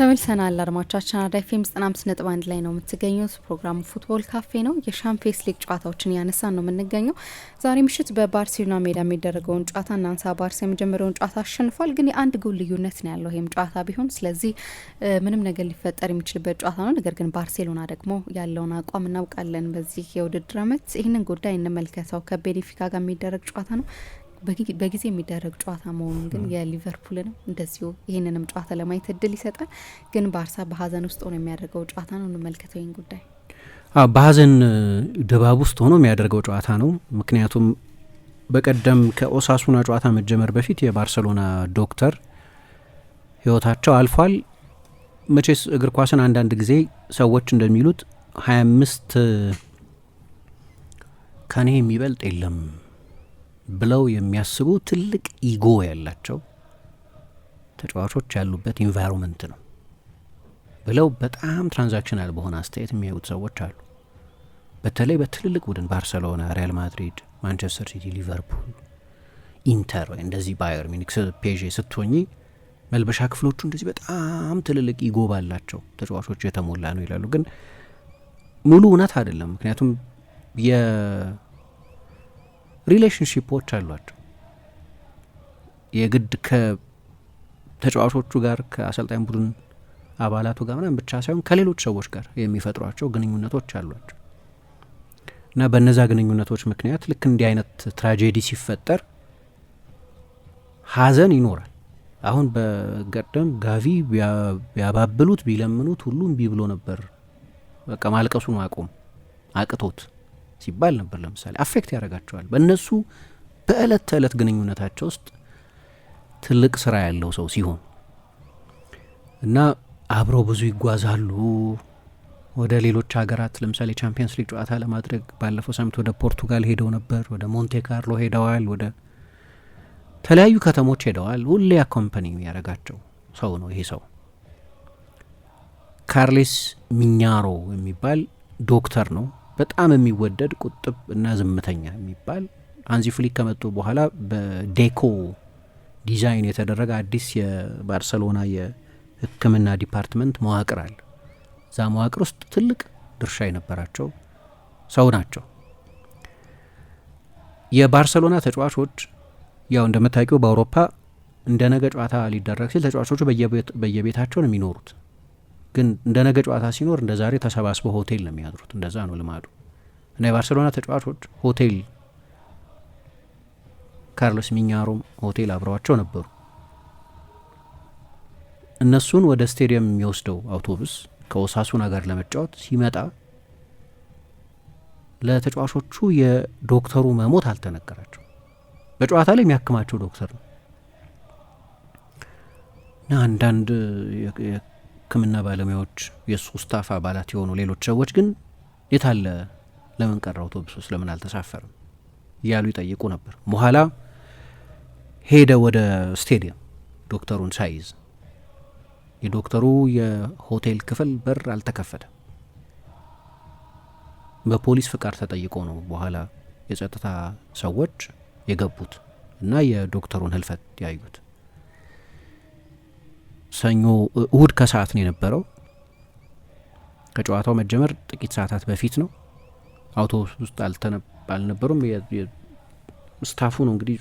ተመልሰናል አድማጮቻችን፣ አራዳ ኤፍ ኤም 95 ነጥብ አንድ ላይ ነው የምትገኙት። ፕሮግራሙ ፉትቦል ካፌ ነው። የሻምፒየንስ ሊግ ጨዋታዎችን እያነሳን ነው የምንገኘው። ዛሬ ምሽት በባርሴሎና ሜዳ የሚደረገውን ጨዋታ እናንሳ። ባርሳ የመጀመሪያውን ጨዋታ አሸንፏል፣ ግን የአንድ ጎል ልዩነት ነው ያለው ይህም ጨዋታ ቢሆን፣ ስለዚህ ምንም ነገር ሊፈጠር የሚችልበት ጨዋታ ነው። ነገር ግን ባርሴሎና ደግሞ ያለውን አቋም እናውቃለን። በዚህ የውድድር አመት ይህንን ጉዳይ እንመልከተው። ከቤኔፊካ ጋር የሚደረግ ጨዋታ ነው። በጊዜ የሚደረግ ጨዋታ መሆኑን ግን የሊቨርፑልንም እንደዚሁ ይህንንም ጨዋታ ለማየት እድል ይሰጣል። ግን ባርሳ በሀዘን ውስጥ ሆኖ የሚያደርገው ጨዋታ ነው። እንመልከተው ይህን ጉዳይ። በሀዘን ድባብ ውስጥ ሆኖ የሚያደርገው ጨዋታ ነው። ምክንያቱም በቀደም ከኦሳሱና ጨዋታ መጀመር በፊት የባርሰሎና ዶክተር ህይወታቸው አልፏል። መቼስ እግር ኳስን አንዳንድ ጊዜ ሰዎች እንደሚሉት ሀያ አምስት ከኔ የሚበልጥ የለም ብለው የሚያስቡ ትልቅ ኢጎ ያላቸው ተጫዋቾች ያሉበት ኢንቫይሮንመንት ነው ብለው በጣም ትራንዛክሽናል በሆነ አስተያየት የሚያዩት ሰዎች አሉ። በተለይ በትልልቅ ቡድን ባርሰሎና፣ ሪያል ማድሪድ፣ ማንቸስተር ሲቲ፣ ሊቨርፑል፣ ኢንተር ወይ እንደዚህ ባየር ሚኒክስ፣ ፔዤ ስትሆኚ መልበሻ ክፍሎቹ እንደዚህ በጣም ትልልቅ ኢጎ ባላቸው ተጫዋቾች የተሞላ ነው ይላሉ። ግን ሙሉ እውነት አይደለም። ምክንያቱም ሪሌሽንሽፖች አሏቸው። የግድ ከተጫዋቾቹ ጋር ከአሰልጣኝ ቡድን አባላቱ ጋር ምናምን ብቻ ሳይሆን ከሌሎች ሰዎች ጋር የሚፈጥሯቸው ግንኙነቶች አሏቸው እና በእነዛ ግንኙነቶች ምክንያት ልክ እንዲህ አይነት ትራጄዲ ሲፈጠር ሀዘን ይኖራል። አሁን በቀደም ጋቪ ቢያባብሉት ቢለምኑት ሁሉም ቢ ብሎ ነበር። በቃ ማልቀሱን አቆም አቅቶት ሲባል ነበር። ለምሳሌ አፌክት ያደርጋቸዋል። በእነሱ በእለት ተዕለት ግንኙነታቸው ውስጥ ትልቅ ስራ ያለው ሰው ሲሆን እና አብረው ብዙ ይጓዛሉ ወደ ሌሎች ሀገራት ለምሳሌ ቻምፒየንስ ሊግ ጨዋታ ለማድረግ ባለፈው ሳምንት ወደ ፖርቱጋል ሄደው ነበር። ወደ ሞንቴ ካርሎ ሄደዋል። ወደ ተለያዩ ከተሞች ሄደዋል። ሁሌ አኮምፓኒ ያደረጋቸው ሰው ነው ይሄ ሰው። ካርሌስ ሚኛሮ የሚባል ዶክተር ነው። በጣም የሚወደድ ቁጥብ እና ዝምተኛ የሚባል አንዚ ፍሊክ ከመጡ በኋላ በዴኮ ዲዛይን የተደረገ አዲስ የባርሰሎና የሕክምና ዲፓርትመንት መዋቅር አለ። እዛ መዋቅር ውስጥ ትልቅ ድርሻ የነበራቸው ሰው ናቸው። የባርሰሎና ተጫዋቾች ያው እንደምታውቂው በአውሮፓ እንደ ነገ ጨዋታ ሊደረግ ሲል ተጫዋቾቹ በየቤታቸው ነው የሚኖሩት። ግን እንደ ነገ ጨዋታ ሲኖር እንደ ዛሬ ተሰባስበው ሆቴል ነው የሚያድሩት። እንደዛ ነው ልማዱ እና የባርሴሎና ተጫዋቾች ሆቴል ካርሎስ ሚኛሮም ሆቴል አብረዋቸው ነበሩ። እነሱን ወደ ስቴዲየም የሚወስደው አውቶቡስ ከኦሳሱና ጋር ለመጫወት ሲመጣ ለተጫዋቾቹ የዶክተሩ መሞት አልተነገራቸው። በጨዋታ ላይ የሚያክማቸው ዶክተር ነው እና አንዳንድ የህክምና ባለሙያዎች የእሱ ስታፍ አባላት የሆኑ ሌሎች ሰዎች ግን የታለ ለምን ቀረ አውቶቡስ ውስጥ ለምን አልተሳፈርም እያሉ ይጠይቁ ነበር። በኋላ ሄደ ወደ ስቴዲየም ዶክተሩን ሳይዝ። የዶክተሩ የሆቴል ክፍል በር አልተከፈተም። በፖሊስ ፍቃድ ተጠይቆ ነው በኋላ የጸጥታ ሰዎች የገቡት እና የዶክተሩን ህልፈት ያዩት። ሰኞ እሁድ ከሰዓት ነው የነበረው። ከጨዋታው መጀመር ጥቂት ሰዓታት በፊት ነው። አውቶቡስ ውስጥ አልነበሩም። ስታፉ ነው እንግዲህ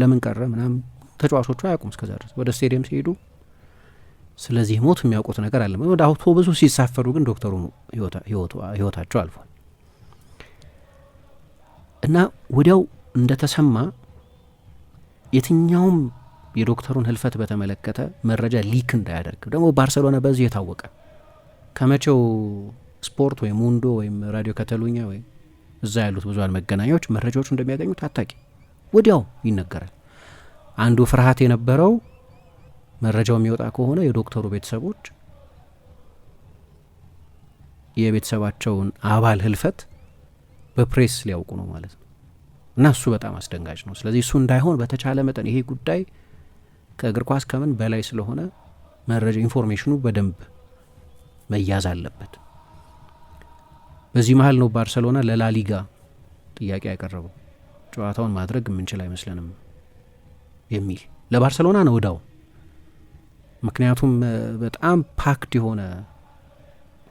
ለምን ቀረ ምናምን ተጫዋቾቹ አያውቁም። እስከዛ ድረስ ወደ ስቴዲየም ሲሄዱ ስለዚህ ሞት የሚያውቁት ነገር አለ። ወደ አውቶቡሱ ሲሳፈሩ ግን ዶክተሩ ህይወታቸው አልፏል እና ወዲያው እንደተሰማ የትኛውም የዶክተሩን ህልፈት በተመለከተ መረጃ ሊክ እንዳያደርግ ደግሞ ባርሰሎና በዚህ የታወቀ ከመቼው ስፖርት ወይም ሙንዶ ወይም ራዲዮ ከተሉኛ ወይም እዛ ያሉት ብዙሃን መገናኛዎች መረጃዎቹ እንደሚያገኙ ታታቂ ወዲያው ይነገራል። አንዱ ፍርሃት የነበረው መረጃው የሚወጣ ከሆነ የዶክተሩ ቤተሰቦች የቤተሰባቸውን አባል ህልፈት በፕሬስ ሊያውቁ ነው ማለት ነው እና እሱ በጣም አስደንጋጭ ነው። ስለዚህ እሱ እንዳይሆን በተቻለ መጠን ይሄ ጉዳይ ከእግር ኳስ ከምን በላይ ስለሆነ መረጃ ኢንፎርሜሽኑ በደንብ መያዝ አለበት። በዚህ መሀል ነው ባርሰሎና ለላሊጋ ጥያቄ ያቀረበው ጨዋታውን ማድረግ የምንችል አይመስለንም የሚል ለባርሰሎና ነው እዳው። ምክንያቱም በጣም ፓክድ የሆነ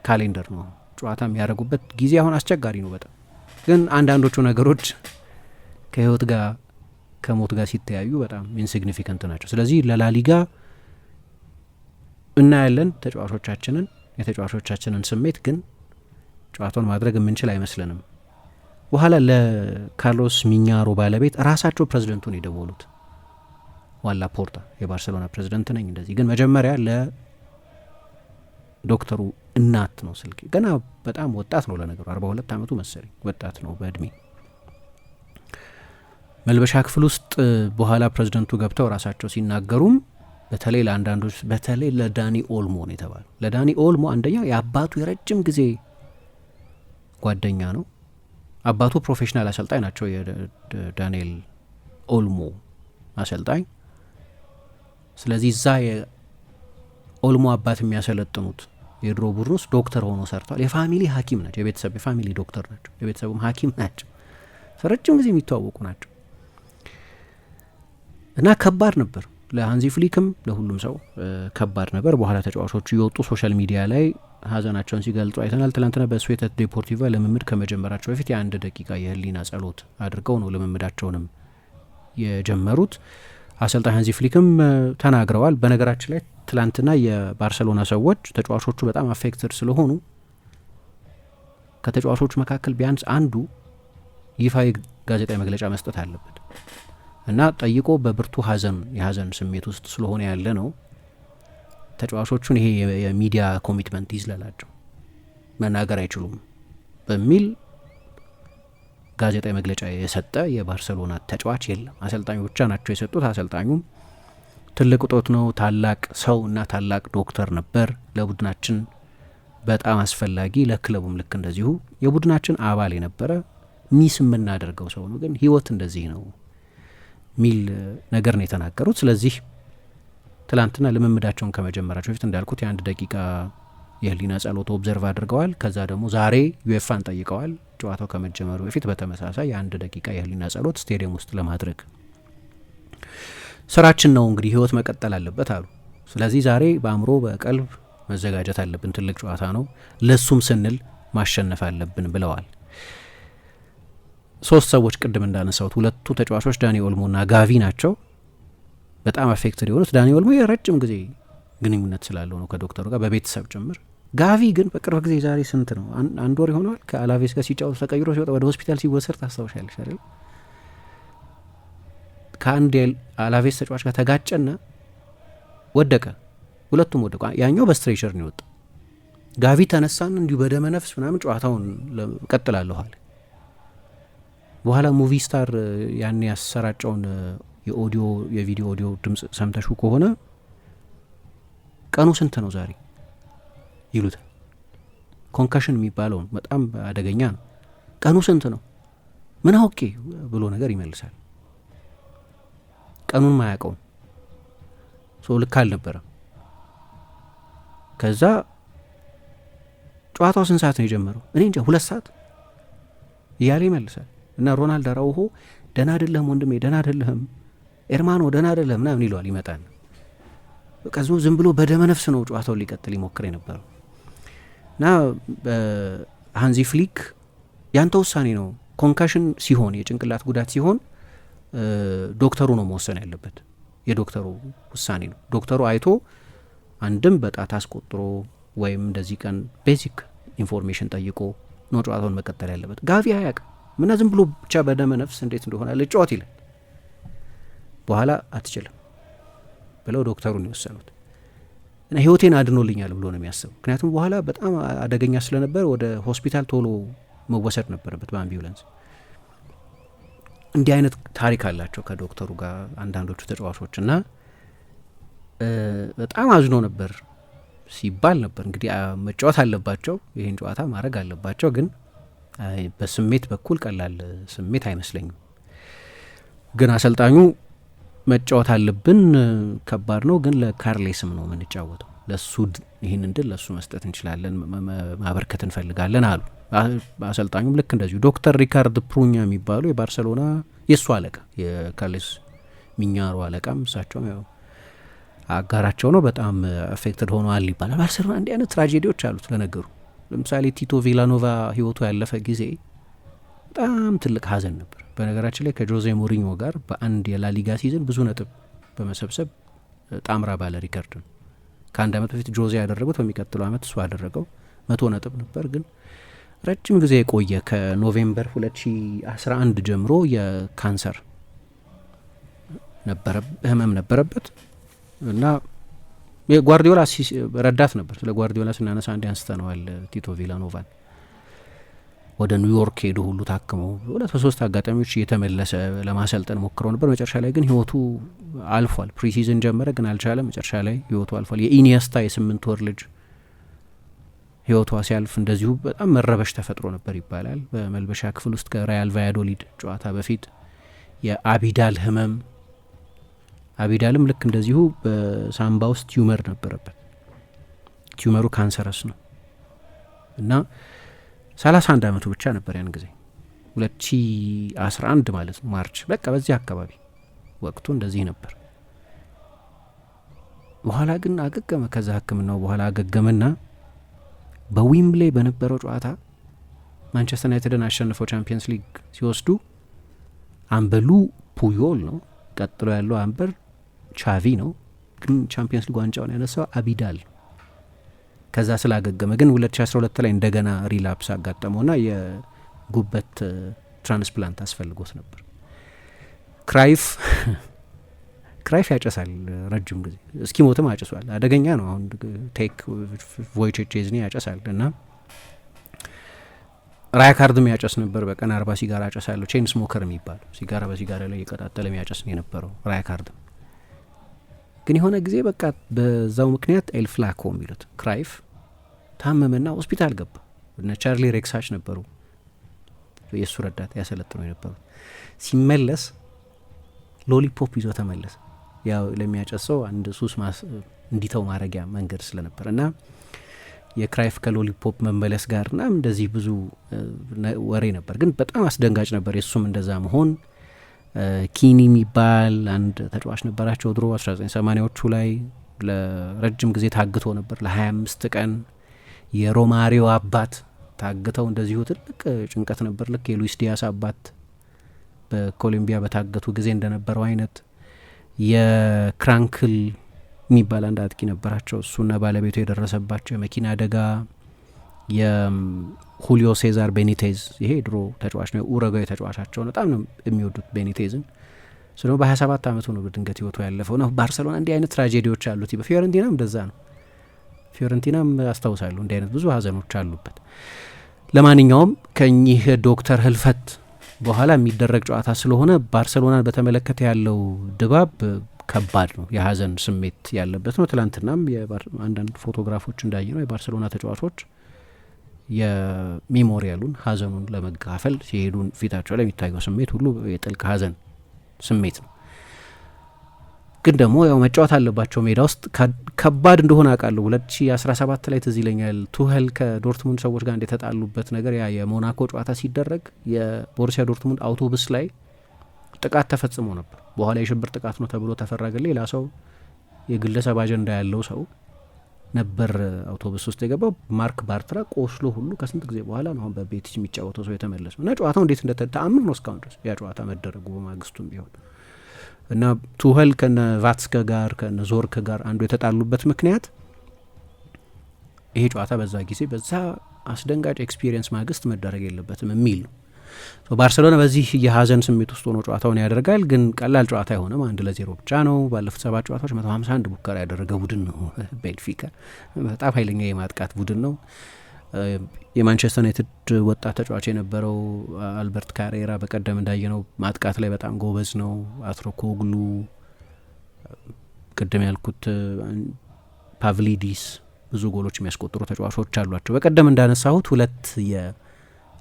ካሌንደር ነው። ጨዋታ የሚያደርጉበት ጊዜ አሁን አስቸጋሪ ነው በጣም ግን አንዳንዶቹ ነገሮች ከህይወት ጋር ከሞት ጋር ሲተያዩ በጣም ኢንሲግኒፊካንት ናቸው። ስለዚህ ለላሊጋ እናያለን ተጫዋቾቻችንን የተጫዋቾቻችንን ስሜት ግን ጨዋታውን ማድረግ የምንችል አይመስልንም። በኋላ ለካርሎስ ሚኛሮ ባለቤት ራሳቸው ፕሬዚደንቱን የደወሉት ዋላ ፖርታ የባርሴሎና ፕሬዚደንት ነኝ እንደዚህ ግን መጀመሪያ ለዶክተሩ እናት ነው ስልክ ገና በጣም ወጣት ነው ለነገሩ አርባ ሁለት አመቱ መሰለኝ ወጣት ነው በእድሜ መልበሻ ክፍል ውስጥ በኋላ ፕሬዚደንቱ ገብተው ራሳቸው ሲናገሩም በተለይ ለአንዳንዶች በተለይ ለዳኒ ኦልሞ ነው የተባለው። ለዳኒ ኦልሞ አንደኛው የአባቱ የረጅም ጊዜ ጓደኛ ነው። አባቱ ፕሮፌሽናል አሰልጣኝ ናቸው። የዳንኤል ኦልሞ አሰልጣኝ። ስለዚህ እዛ የኦልሞ አባት የሚያሰለጥኑት የድሮ ቡድን ውስጥ ዶክተር ሆኖ ሰርተዋል። የፋሚሊ ሐኪም ናቸው። የቤተሰብ የፋሚሊ ዶክተር ናቸው። የቤተሰቡም ሐኪም ናቸው። ረጅም ጊዜ የሚተዋወቁ ናቸው። እና ከባድ ነበር ለሀንዚ ፍሊክም ለሁሉም ሰው ከባድ ነበር። በኋላ ተጫዋቾቹ የወጡ ሶሻል ሚዲያ ላይ ሀዘናቸውን ሲገልጹ አይተናል። ትላንትና በስዌተት ዴፖርቲቫ ልምምድ ከመጀመራቸው በፊት የአንድ ደቂቃ የህሊና ጸሎት አድርገው ነው ልምምዳቸውንም የጀመሩት። አሰልጣኝ ሀንዚ ፍሊክም ተናግረዋል። በነገራችን ላይ ትላንትና የባርሰሎና ሰዎች ተጫዋቾቹ በጣም አፌክትድ ስለሆኑ ከተጫዋቾቹ መካከል ቢያንስ አንዱ ይፋ ጋዜጣዊ መግለጫ መስጠት አለበት እና ጠይቆ በብርቱ ሀዘን የሀዘን ስሜት ውስጥ ስለሆነ ያለ ነው። ተጫዋቾቹን ይሄ የሚዲያ ኮሚትመንት ይዝለላቸው መናገር አይችሉም በሚል ጋዜጣዊ መግለጫ የሰጠ የባርሰሎና ተጫዋች የለም። አሰልጣኙ ብቻ ናቸው የሰጡት። አሰልጣኙም ትልቅ እጦት ነው። ታላቅ ሰው እና ታላቅ ዶክተር ነበር። ለቡድናችን በጣም አስፈላጊ፣ ለክለቡም ልክ እንደዚሁ የቡድናችን አባል የነበረ ሚስ የምናደርገው ሰው ነው። ግን ህይወት እንደዚህ ነው የሚል ነገር ነው የተናገሩት። ስለዚህ ትላንትና ልምምዳቸውን ከመጀመራቸው በፊት እንዳልኩት የአንድ ደቂቃ የህሊና ጸሎት ኦብዘርቭ አድርገዋል። ከዛ ደግሞ ዛሬ ዩኤፋን ጠይቀዋል፣ ጨዋታው ከመጀመሩ በፊት በተመሳሳይ የአንድ ደቂቃ የህሊና ጸሎት ስቴዲየም ውስጥ ለማድረግ ስራችን ነው እንግዲህ ህይወት መቀጠል አለበት አሉ። ስለዚህ ዛሬ በአእምሮ በቀልብ መዘጋጀት አለብን። ትልቅ ጨዋታ ነው፣ ለሱም ስንል ማሸነፍ አለብን ብለዋል። ሶስት ሰዎች ቅድም እንዳነሳሁት ሁለቱ ተጫዋቾች ዳኒ ኦልሞ ና ጋቪ ናቸው በጣም አፌክትድ የሆኑት። ዳኒ ኦልሞ የረጅም ጊዜ ግንኙነት ስላለው ነው ከዶክተሩ ጋር በቤተሰብ ጭምር። ጋቪ ግን በቅርብ ጊዜ ዛሬ ስንት ነው አንድ ወር ይሆነዋል ከአላቬስ ጋር ሲጫወት ተቀይሮ ሲወጣ ወደ ሆስፒታል ሲወሰድ ታስታውሻለሽ አይደል? ከአንድ አላቬስ ተጫዋች ጋር ተጋጨና ወደቀ። ሁለቱም ወደቁ። ያኛው በስትሬቸር ነው የወጣ። ጋቪ ተነሳን እንዲሁ በደመነፍስ ምናምን ጨዋታውን ቀጥላለኋል በኋላ ሙቪ ስታር ያን ያሰራጨውን የኦዲዮ የቪዲዮ ኦዲዮ ድምጽ ሰምተሹ ከሆነ ቀኑ ስንት ነው ዛሬ ይሉታል። ኮንከሽን የሚባለውን በጣም አደገኛ ነው። ቀኑ ስንት ነው ምን አውቄ ብሎ ነገር ይመልሳል። ቀኑን ማያውቀውም ሰው ልክ አልነበረም። ከዛ ጨዋታው ስንት ሰዓት ነው የጀመረው? እኔ እንጃ ሁለት ሰዓት እያለ ይመልሳል። እና ሮናልድ አራውሆ ደህና አይደለህም ወንድሜ፣ ደህና አይደለህም ኤርማኖ፣ ደህና አይደለህም ምናምን ይሏል። ይመጣል በቃ ዝም ብሎ በደመ ነፍስ ነው ጨዋታውን ሊቀጥል ይሞክር የነበረው እና ሀንዚ ፍሊክ ያንተ ውሳኔ ነው። ኮንካሽን ሲሆን የጭንቅላት ጉዳት ሲሆን ዶክተሩ ነው መወሰን ያለበት። የዶክተሩ ውሳኔ ነው። ዶክተሩ አይቶ አንድም በጣት አስቆጥሮ ወይም እንደዚህ ቀን ቤዚክ ኢንፎርሜሽን ጠይቆ ነው ጨዋታውን መቀጠል ያለበት። ጋቪ አያውቅም። ምና ዝም ብሎ ብቻ በደመ ነፍስ እንዴት እንደሆነ ልጫወት ይላል። በኋላ አትችልም ብለው ዶክተሩን የወሰኑት እና ህይወቴን አድኖልኛል ብሎ ነው የሚያስበው። ምክንያቱም በኋላ በጣም አደገኛ ስለነበር ወደ ሆስፒታል ቶሎ መወሰድ ነበረበት በአምቢውለንስ። እንዲህ አይነት ታሪክ አላቸው ከዶክተሩ ጋር አንዳንዶቹ ተጫዋቾች እና በጣም አዝኖ ነበር ሲባል ነበር እንግዲህ መጫወት አለባቸው፣ ይህን ጨዋታ ማድረግ አለባቸው ግን በስሜት በኩል ቀላል ስሜት አይመስለኝም። ግን አሰልጣኙ መጫወት አለብን ከባድ ነው፣ ግን ለካርሌስም ነው የምንጫወተው፣ ለሱ ይህን ድል ለሱ መስጠት እንችላለን፣ ማበርከት እንፈልጋለን አሉ። አሰልጣኙም ልክ እንደዚሁ ዶክተር ሪካርድ ፕሩኛ የሚባሉ የባርሰሎና የእሱ አለቃ የካርሌስ ሚኛሮ አለቃም እሳቸውም ያው አጋራቸው ነው። በጣም አፌክትድ ሆነዋል ይባላል። ባርሰሎና እንዲህ አይነት ትራጀዲዎች አሉት ለነገሩ ለምሳሌ ቲቶ ቪላኖቫ ህይወቱ ያለፈ ጊዜ በጣም ትልቅ ሀዘን ነበር። በነገራችን ላይ ከጆዜ ሞሪኞ ጋር በአንድ የላሊጋ ሲዝን ብዙ ነጥብ በመሰብሰብ ጣምራ ባለ ሪከርድ ነው። ከአንድ አመት በፊት ጆዜ ያደረጉት በሚቀጥለው አመት እሱ ያደረገው መቶ ነጥብ ነበር። ግን ረጅም ጊዜ የቆየ ከኖቬምበር 2011 ጀምሮ የካንሰር ነበረ ህመም ነበረበት እና የጓርዲዮላ ረዳት ነበር። ስለ ጓርዲዮላ ስናነሳ አንዴ አንስተነዋል። ቲቶ ቪላኖቫን ወደ ኒውዮርክ ሄዶ ሁሉ ታክሞ ሁለት በሶስት አጋጣሚዎች እየተመለሰ ለማሰልጠን ሞክረው ነበር። መጨረሻ ላይ ግን ህይወቱ አልፏል። ፕሪሲዝን ጀመረ ግን አልቻለም። መጨረሻ ላይ ህይወቱ አልፏል። የኢኒየስታ የስምንት ወር ልጅ ህይወቷ ሲያልፍ እንደዚሁ በጣም መረበሽ ተፈጥሮ ነበር ይባላል። በመልበሻ ክፍል ውስጥ ከሪያል ቫያዶሊድ ጨዋታ በፊት የአቢዳል ህመም አቢዳልም ልክ እንደዚሁ በሳምባ ውስጥ ቲዩመር ነበረበት። ቲዩመሩ ካንሰረስ ነው እና አንድ ዓመቱ ብቻ ነበር ያን ጊዜ 2011 ማለት ነው ማርች፣ በቃ በዚህ አካባቢ ወቅቱ እንደዚህ ነበር። በኋላ ግን አገገመ። ከዛ ህክምናው በኋላ አገገመና በዊምብሌ በነበረው ጨዋታ ማንቸስተር ዩናይትድን አሸንፈው ቻምፒየንስ ሊግ ሲወስዱ አንበሉ ፑዮል ነው። ቀጥሎ ያለው አንበር ቻቪ ነው፣ ግን ቻምፒየንስ ሊግ ዋንጫውን ያነሳው አቢዳል ከዛ ስላገገመ ግን 2012 ላይ እንደገና ሪላፕስ አጋጠመውና የጉበት ትራንስፕላንት አስፈልጎት ነበር። ክራይፍ ክራይፍ ያጨሳል ረጅም ጊዜ እስኪ ሞትም አጭሷል። አደገኛ ነው። አሁን ቴክ ቮይቼች ዝኒ ያጨሳል እና ራይካርድም ያጨስ ነበር። በቀን አርባ ሲጋራ አጨሳለሁ። ቼን ስሞከር የሚባለው ሲጋራ በሲጋራ ላይ የቀጣጠለ የሚያጨስ ነው የነበረው ራይካርድም ግን የሆነ ጊዜ በቃ በዛው ምክንያት ኤልፍላኮ የሚሉት ክራይፍ ታመመና ሆስፒታል ገባ። እነ ቻርሊ ሬክሳች ነበሩ የእሱ ረዳት ያሰለጥኖ የነበሩት። ሲመለስ ሎሊፖፕ ይዞ ተመለሰ። ያው ለሚያጨሰው አንድ ሱስ እንዲተው ማድረጊያ መንገድ ስለነበር እና የክራይፍ ከሎሊፖፕ መመለስ ጋርና እንደዚህ ብዙ ወሬ ነበር። ግን በጣም አስደንጋጭ ነበር የእሱም እንደዛ መሆን ኪኒ የሚባል አንድ ተጫዋች ነበራቸው ድሮ 1980ዎቹ ላይ ለረጅም ጊዜ ታግቶ ነበር። ለ25 ቀን የሮማሪዮ አባት ታግተው እንደዚሁ ትልቅ ጭንቀት ነበር። ልክ የሉዊስ ዲያስ አባት በኮሎምቢያ በታገቱ ጊዜ እንደነበረው አይነት የክራንክል የሚባል አንድ አጥቂ ነበራቸው። እሱና ባለቤቱ የደረሰባቸው የመኪና አደጋ የሁሊዮ ሴዛር ቤኒቴዝ ይሄ ድሮ ተጫዋች ነው፣ ኡረጋዊ ተጫዋቻቸውን በጣም ነው የሚወዱት ቤኒቴዝን። ስለ በ ሰባት አመቱ ነው በድንገት ህይወቱ ያለፈው ነው። ባርሰሎና እንዲህ አይነት ትራጀዲዎች አሉት። በፊዮረንቲናም እንደዛ ነው። ፊዮረንቲናም አስታውሳለሁ እንዲህ አይነት ብዙ ሀዘኖች አሉበት። ለማንኛውም ከኚህ ዶክተር ህልፈት በኋላ የሚደረግ ጨዋታ ስለሆነ ባርሰሎናን በተመለከተ ያለው ድባብ ከባድ ነው። የሀዘን ስሜት ያለበት ነው። ትላንትናም አንዳንድ ፎቶግራፎች እንዳየ ነው የባርሰሎና ተጫዋቾች የሜሞሪያሉን ሀዘኑን ለመካፈል ሲሄዱ ፊታቸው ላይ የሚታየው ስሜት ሁሉ የጥልቅ ሀዘን ስሜት ነው። ግን ደግሞ ያው መጫወት አለባቸው ሜዳ ውስጥ ከባድ እንደሆነ አውቃለሁ። ሁለት ሺ አስራ ሰባት ላይ ትዝ ይለኛል ከዶርትሙንድ ሰዎች ጋር እንደተጣሉበት ነገር ያ የሞናኮ ጨዋታ ሲደረግ የቦሩሲያ ዶርትሙንድ አውቶቡስ ላይ ጥቃት ተፈጽሞ ነበር። በኋላ የሽብር ጥቃት ነው ተብሎ ተፈረገ። ሌላ ሰው የግለሰብ አጀንዳ ያለው ሰው ነበር አውቶቡስ ውስጥ የገባው። ማርክ ባርትራ ቆስሎ ሁሉ ከስንት ጊዜ በኋላ ነው አሁን በቤቲች የሚጫወተው ሰው የተመለሰው እና ጨዋታው እንዴት እንደ ተአምር ነው እስካሁን ድረስ ያ ጨዋታ መደረጉ በማግስቱም ቢሆን እና ቱኸል ከነ ቫትስከ ጋር ከነ ዞርክ ጋር አንዱ የተጣሉበት ምክንያት ይሄ ጨዋታ በዛ ጊዜ በዛ አስደንጋጭ ኤክስፒሪየንስ ማግስት መደረግ የለበትም የሚል ነው። ባርሴሎና በዚህ የሀዘን ስሜት ውስጥ ሆኖ ጨዋታውን ያደርጋል። ግን ቀላል ጨዋታ አይሆንም። አንድ ለዜሮ ብቻ ነው። ባለፉት ሰባት ጨዋታዎች መቶ ሀምሳ አንድ ሙከራ ያደረገ ቡድን ነው ቤንፊካ። በጣም ኃይለኛ የማጥቃት ቡድን ነው። የማንቸስተር ዩናይትድ ወጣት ተጫዋች የነበረው አልበርት ካሬራ በቀደም እንዳየነው ማጥቃት ላይ በጣም ጎበዝ ነው። አትሮኮግሉ፣ ቅድም ያልኩት ፓቭሊዲስ ብዙ ጎሎች የሚያስቆጥሩ ተጫዋቾች አሏቸው። በቀደም እንዳነሳሁት ሁለት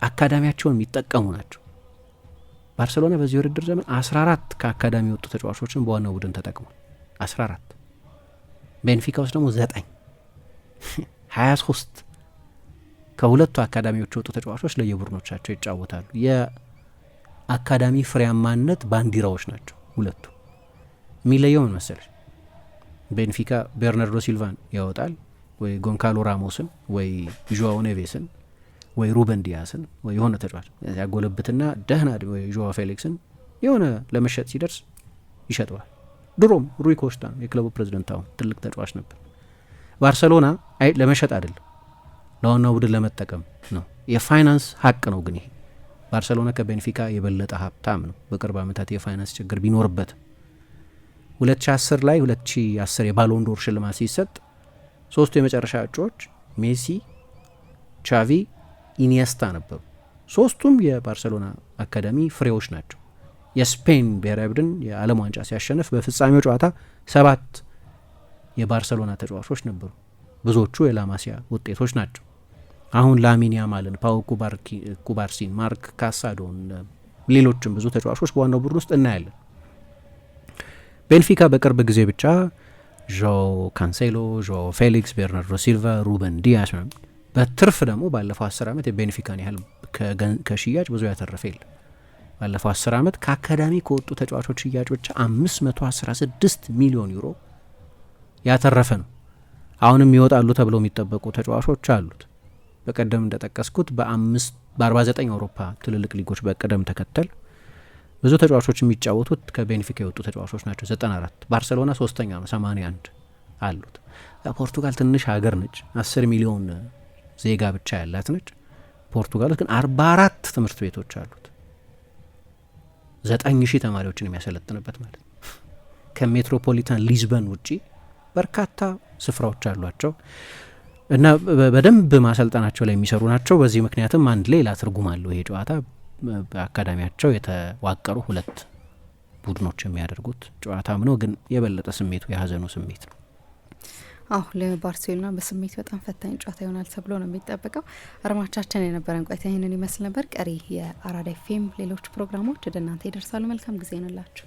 አካዳሚያቸውን የሚጠቀሙ ናቸው። ባርሰሎና በዚህ ውድድር ዘመን 14 ከአካዳሚ የወጡ ተጫዋቾችን በዋናው ቡድን ተጠቅሟል። 14 ቤንፊካ ውስጥ ደግሞ 9 23 ከሁለቱ አካዳሚዎች የወጡ ተጫዋቾች ለየቡድኖቻቸው ይጫወታሉ። የአካዳሚ ፍሬያማነት ባንዲራዎች ናቸው ሁለቱ። የሚለየው ምን መሰለች? ቤንፊካ ቤርናርዶ ሲልቫን ያወጣል ወይ ጎንካሎ ራሞስን ወይ ዡዋው ኔቬስን ወይ ሩበን ዲያስን ወይ የሆነ ተጫዋች ያጎለብትና ደህና ዋ ፌሊክስን የሆነ ለመሸጥ ሲደርስ ይሸጠዋል። ድሮም ሩይ ኮስታ የክለቡ ፕሬዚደንት፣ አሁን ትልቅ ተጫዋች ነበር። ባርሰሎና አይ ለመሸጥ አይደለም ለዋናው ቡድን ለመጠቀም ነው። የፋይናንስ ሀቅ ነው። ግን ይሄ ባርሰሎና ከቤንፊካ የበለጠ ሀብታም ነው። በቅርብ ዓመታት የፋይናንስ ችግር ቢኖርበት 2010 ላይ 2010 የባሎንዶር ሽልማት ሲሰጥ ሶስቱ የመጨረሻ እጩዎች ሜሲ፣ ቻቪ ኢኒየስታ ነበሩ። ሶስቱም የባርሰሎና አካዳሚ ፍሬዎች ናቸው። የስፔን ብሔራዊ ቡድን የዓለም ዋንጫ ሲያሸንፍ በፍጻሜው ጨዋታ ሰባት የባርሰሎና ተጫዋቾች ነበሩ። ብዙዎቹ የላማሲያ ውጤቶች ናቸው። አሁን ላሚን ያማልን፣ ፓው ኩባርሲን፣ ማርክ ካሳዶን፣ ሌሎችም ብዙ ተጫዋቾች በዋናው ቡድን ውስጥ እናያለን። ቤንፊካ በቅርብ ጊዜ ብቻ ዦ ካንሴሎ፣ ዦ ፌሊክስ፣ ቤርናርዶ ሲልቫ፣ ሩበን ዲያስ በትርፍ ደግሞ ባለፈው አስር ዓመት የቤንፊካን ያህል ከሽያጭ ብዙ ያተረፈ የለ። ባለፈው አስር ዓመት ከአካዳሚ ከወጡ ተጫዋቾች ሽያጭ ብቻ 516 ሚሊዮን ዩሮ ያተረፈ ነው። አሁንም ይወጣሉ ተብለው የሚጠበቁ ተጫዋቾች አሉት። በቀደም እንደጠቀስኩት በ49 አውሮፓ ትልልቅ ሊጎች በቅደም ተከተል ብዙ ተጫዋቾች የሚጫወቱት ከቤንፊካ የወጡ ተጫዋቾች ናቸው። 94 ባርሴሎና ሶስተኛ ነው፣ 81 አሉት። ፖርቱጋል ትንሽ ሀገር ነች። 10 ሚሊዮን ዜጋ ብቻ ያላት ነች። ፖርቱጋል ግን አርባ አራት ትምህርት ቤቶች አሉት። ዘጠኝ ሺህ ተማሪዎችን የሚያሰለጥንበት ማለት ነው። ከሜትሮፖሊታን ሊዝበን ውጪ በርካታ ስፍራዎች አሏቸው እና በደንብ ማሰልጠናቸው ላይ የሚሰሩ ናቸው። በዚህ ምክንያትም አንድ ሌላ ትርጉም አለው ይሄ ጨዋታ በአካዳሚያቸው የተዋቀሩ ሁለት ቡድኖች የሚያደርጉት ጨዋታም ነው። ግን የበለጠ ስሜቱ የሀዘኑ ስሜት ነው። አሁ ለባርሴሎና በስሜት በጣም ፈታኝ ጨዋታ ይሆናል ተብሎ ነው የሚጠበቀው። አርማቻችን የነበረን ቆይታ ይህንን ይመስል ነበር። ቀሪ የአራዳ ኤፍኤም ሌሎች ፕሮግራሞች ወደ እናንተ ይደርሳሉ። መልካም ጊዜ ይሆንላችሁ።